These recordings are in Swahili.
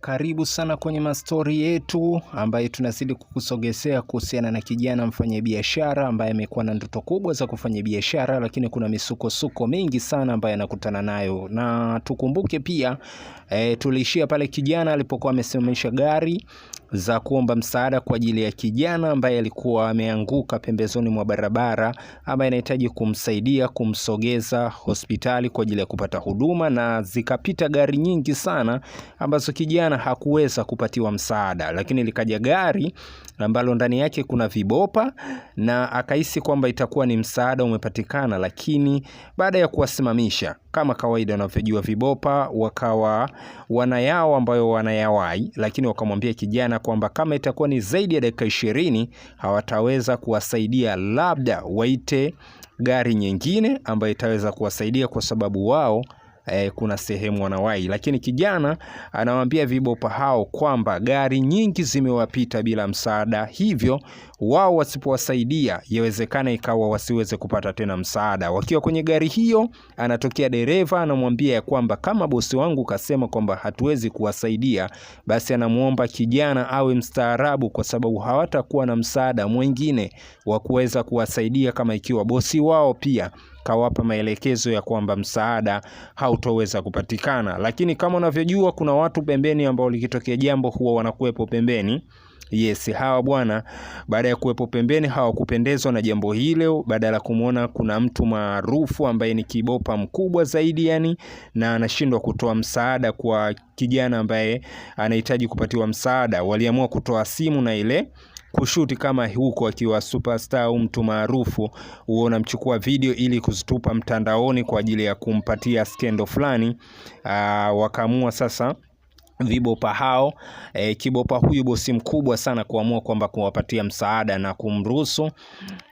Karibu sana kwenye mastori yetu ambayo tunazidi kukusogezea kuhusiana na kijana mfanyabiashara ambaye amekuwa na ndoto kubwa za kufanya biashara, lakini kuna misukosuko mingi sana ambayo anakutana nayo, na tukumbuke pia e, tuliishia pale kijana alipokuwa amesimamisha gari za kuomba msaada kwa ajili ya kijana ambaye alikuwa ameanguka pembezoni mwa barabara, ambaye anahitaji kumsaidia kumsogeza hospitali kwa ajili ya kupata huduma, na zikapita gari nyingi sana ambazo kijana hakuweza kupatiwa msaada, lakini likaja gari ambalo ndani yake kuna vibopa na akahisi kwamba itakuwa ni msaada umepatikana, lakini baada ya kuwasimamisha kama kawaida wanavyojua vibopa, wakawa wanayao ambayo wanayawai, lakini wakamwambia kijana kwamba kama itakuwa ni zaidi ya dakika ishirini hawataweza kuwasaidia, labda waite gari nyingine ambayo itaweza kuwasaidia kwa sababu wao eh, kuna sehemu wanawai lakini kijana anawaambia vibopa hao kwamba gari nyingi zimewapita bila msaada, hivyo wao wasipowasaidia yawezekana ikawa wasiweze kupata tena msaada. Wakiwa kwenye gari hiyo, anatokea dereva anamwambia ya kwamba kama bosi wangu kasema kwamba hatuwezi kuwasaidia, basi anamwomba kijana awe mstaarabu, kwa sababu hawatakuwa na msaada mwingine wa kuweza kuwasaidia kama ikiwa bosi wao pia kawapa maelekezo ya kwamba msaada hautoweza kupatikana. Lakini kama unavyojua, kuna watu pembeni ambao likitokea jambo huwa wanakuwepo pembeni. Yes, hawa bwana, baada ya kuwepo pembeni, hawakupendezwa na jambo hilo. Badala ya kumwona kuna mtu maarufu ambaye ni kibopa mkubwa zaidi, yani na anashindwa kutoa msaada kwa kijana ambaye anahitaji kupatiwa msaada, waliamua kutoa simu na ile kushuti kama huko akiwa superstar au mtu maarufu, huo unamchukua video ili kuzitupa mtandaoni kwa ajili ya kumpatia skendo fulani. Wakaamua sasa vibopa hao e, kibopa huyu bosi mkubwa sana kuamua kwamba kuwapatia msaada na kumruhusu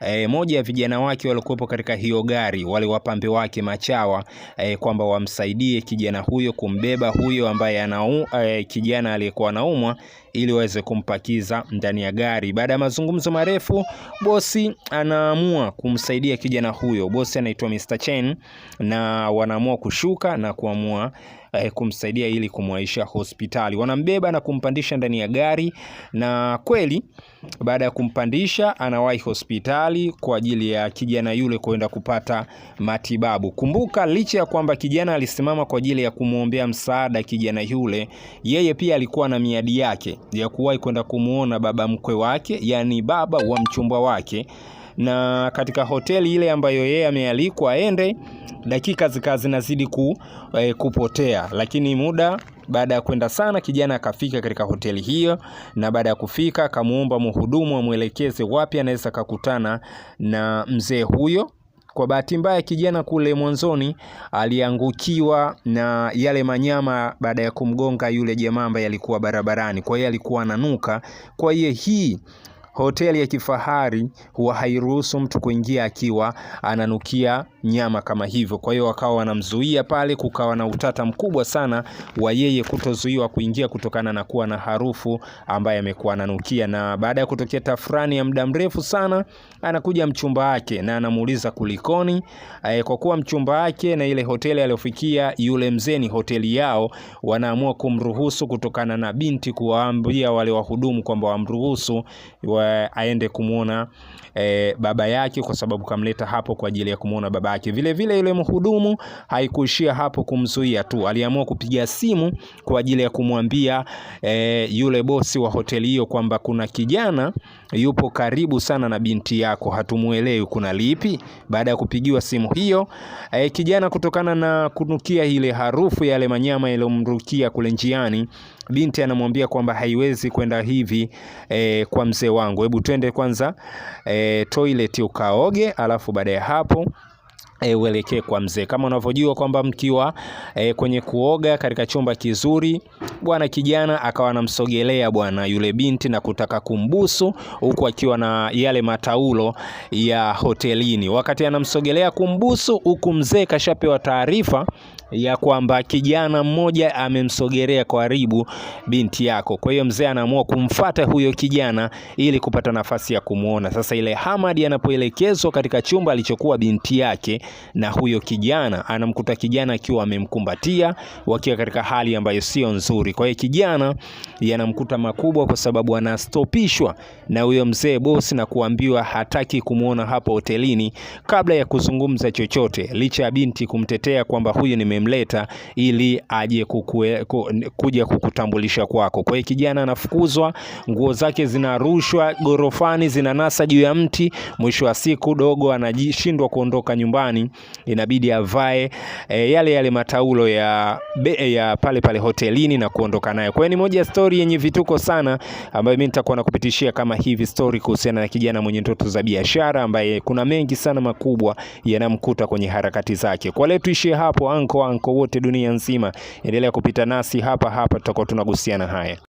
e, moja ya vijana wake waliokuwepo katika hiyo gari wale wapambe wake machawa e, kwamba wamsaidie kijana huyo kumbeba huyo ambaye anau, e, kijana aliyekuwa anaumwa ili waweze kumpakiza ndani ya gari. Baada ya mazungumzo marefu, bosi anaamua kumsaidia kijana huyo. Bosi anaitwa Mr. Chen na wanaamua kushuka na kuamua eh, kumsaidia ili kumwaisha hospitali. Wanambeba na kumpandisha ndani ya gari, na kweli baada ya kumpandisha anawahi hospitali kwa ajili ya kijana yule kwenda kupata matibabu. Kumbuka, licha ya kwamba kijana alisimama kwa ajili ya kumwombea msaada kijana yule, yeye pia alikuwa na miadi yake ya kuwahi kwenda kumwona baba mkwe wake, yani baba wa mchumba wake na katika hoteli ile ambayo yeye amealikwa aende, dakika zikawa zinazidi ku, e, kupotea, lakini muda baada ya kwenda sana, kijana akafika katika hoteli hiyo, na baada ya kufika akamuomba mhudumu amwelekeze wapi anaweza akakutana na mzee huyo. Kwa bahati mbaya kijana kule mwanzoni aliangukiwa na yale manyama baada ya kumgonga yule jamaa ambaye alikuwa barabarani, kwa hiyo alikuwa ananuka. Kwa hiyo hii Hoteli ya kifahari huwa hairuhusu mtu kuingia akiwa ananukia nyama kama hivyo. Kwa hiyo wakawa wanamzuia pale, kukawa na utata mkubwa sana wa yeye kutozuiwa kuingia kutokana na kuwa na harufu ambaye amekuwa ananukia. Na baada ya kutokea tafrani ya muda mrefu sana, anakuja mchumba wake na anamuuliza kulikoni. Eh, kwa kuwa mchumba wake na ile hoteli aliyofikia yule mzee ni hoteli yao, wanaamua kumruhusu kutokana na binti kuwaambia wale wahudumu kwamba wamruhusu wa Eh, aende kumwona e, eh, baba yake, kwa sababu kamleta hapo kwa ajili ya kumwona baba yake. Vile vile ile mhudumu haikuishia hapo kumzuia tu, aliamua kupiga simu kwa ajili ya kumwambia e, yule bosi wa hoteli hiyo kwamba kuna kijana yupo karibu sana na binti yako, hatumuelewi kuna lipi. Baada ya kupigiwa simu hiyo e, kijana kutokana na kunukia ile harufu yale manyama yaliyomrukia kule njiani, binti anamwambia kwamba haiwezi kwenda hivi e, kwa mzee wangu wangu, hebu twende kwanza e, toilet ukaoge, alafu baada ya hapo E, uelekee kwa mzee. Kama unavyojua kwamba mkiwa e, kwenye kuoga katika chumba kizuri, bwana kijana akawa anamsogelea bwana yule binti na kutaka kumbusu, huku akiwa na yale mataulo ya hotelini. Wakati anamsogelea kumbusu, huku mzee kashapewa taarifa ya kwamba kijana mmoja amemsogelea kwa karibu binti yako. Kwa hiyo mzee anaamua kumfata huyo kijana ili kupata nafasi ya kumwona. Sasa ile Hamadi anapoelekezwa katika chumba alichokuwa binti yake na huyo kijana, anamkuta kijana akiwa amemkumbatia, wakiwa katika hali ambayo sio nzuri. Kwa hiyo kijana yanamkuta makubwa, kwa sababu anastopishwa na huyo mzee bosi na kuambiwa hataki kumwona hapo hotelini kabla ya kuzungumza chochote, licha ya binti kumtetea kwamba huyu ni umemleta ili aje kukue, kuja kukutambulisha kwako. Kwa hiyo kijana anafukuzwa, nguo zake zinarushwa gorofani, zinanasa juu ya mti. Mwisho wa siku dogo anashindwa kuondoka nyumbani, inabidi avae e, yale yale mataulo ya, be, ya pale pale hotelini na kuondoka naye. Kwa hiyo ni moja stori yenye vituko sana, ambayo mimi nitakuwa nakupitishia kama hivi stori kuhusiana na kijana mwenye ndoto za biashara ambaye kuna mengi sana makubwa yanamkuta kwenye harakati zake. Kwa leo tuishie hapo anko wanko wote dunia nzima. Endelea kupita nasi hapa hapa, tutakuwa tunagusiana haya.